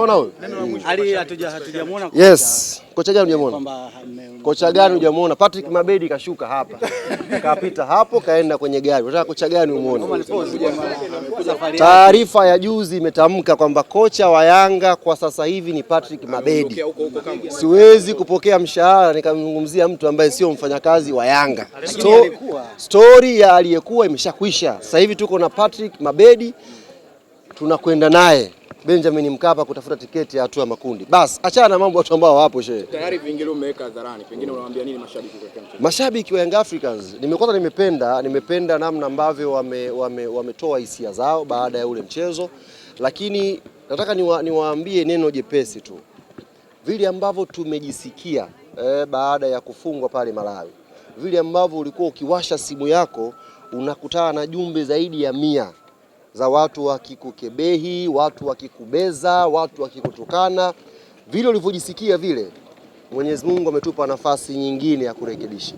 Umeona huyo? Yes. Kocha gani hujamwona? Kocha gani hujamwona? Patrick Mabedi kashuka hapa kapita hapo kaenda kwenye gari. Unataka kocha gani umuone? Taarifa ya juzi imetamka kwamba kocha wa Yanga kwa sasa hivi ni Patrick Mabedi. Siwezi kupokea mshahara nikamzungumzia mtu ambaye sio mfanyakazi wa Yanga. Sto stori ya aliyekuwa imeshakwisha. Sasa hivi tuko na Patrick Mabedi tunakwenda naye Benjamin Mkapa kutafuta tiketi ya hatua ya makundi. Bas, achana na mambo watu ambao wapo shehe. Tayari vingine umeweka hadharani. Pengine unawaambia nini mashabiki kwa kile Mashabiki wa Young Africans, nimekuwa nimependa, nimependa namna ambavyo wame wametoa wame hisia zao baada ya ule mchezo. Lakini nataka niwaambie neno jepesi tu. Vile ambavyo tumejisikia eh, baada ya kufungwa pale Malawi. Vile ambavyo ulikuwa ukiwasha simu yako unakutana na jumbe zaidi ya mia za watu wakikukebehi, watu wakikubeza, watu wakikutukana, vile ulivyojisikia vile, Mwenyezi Mungu ametupa nafasi nyingine ya kurekebisha.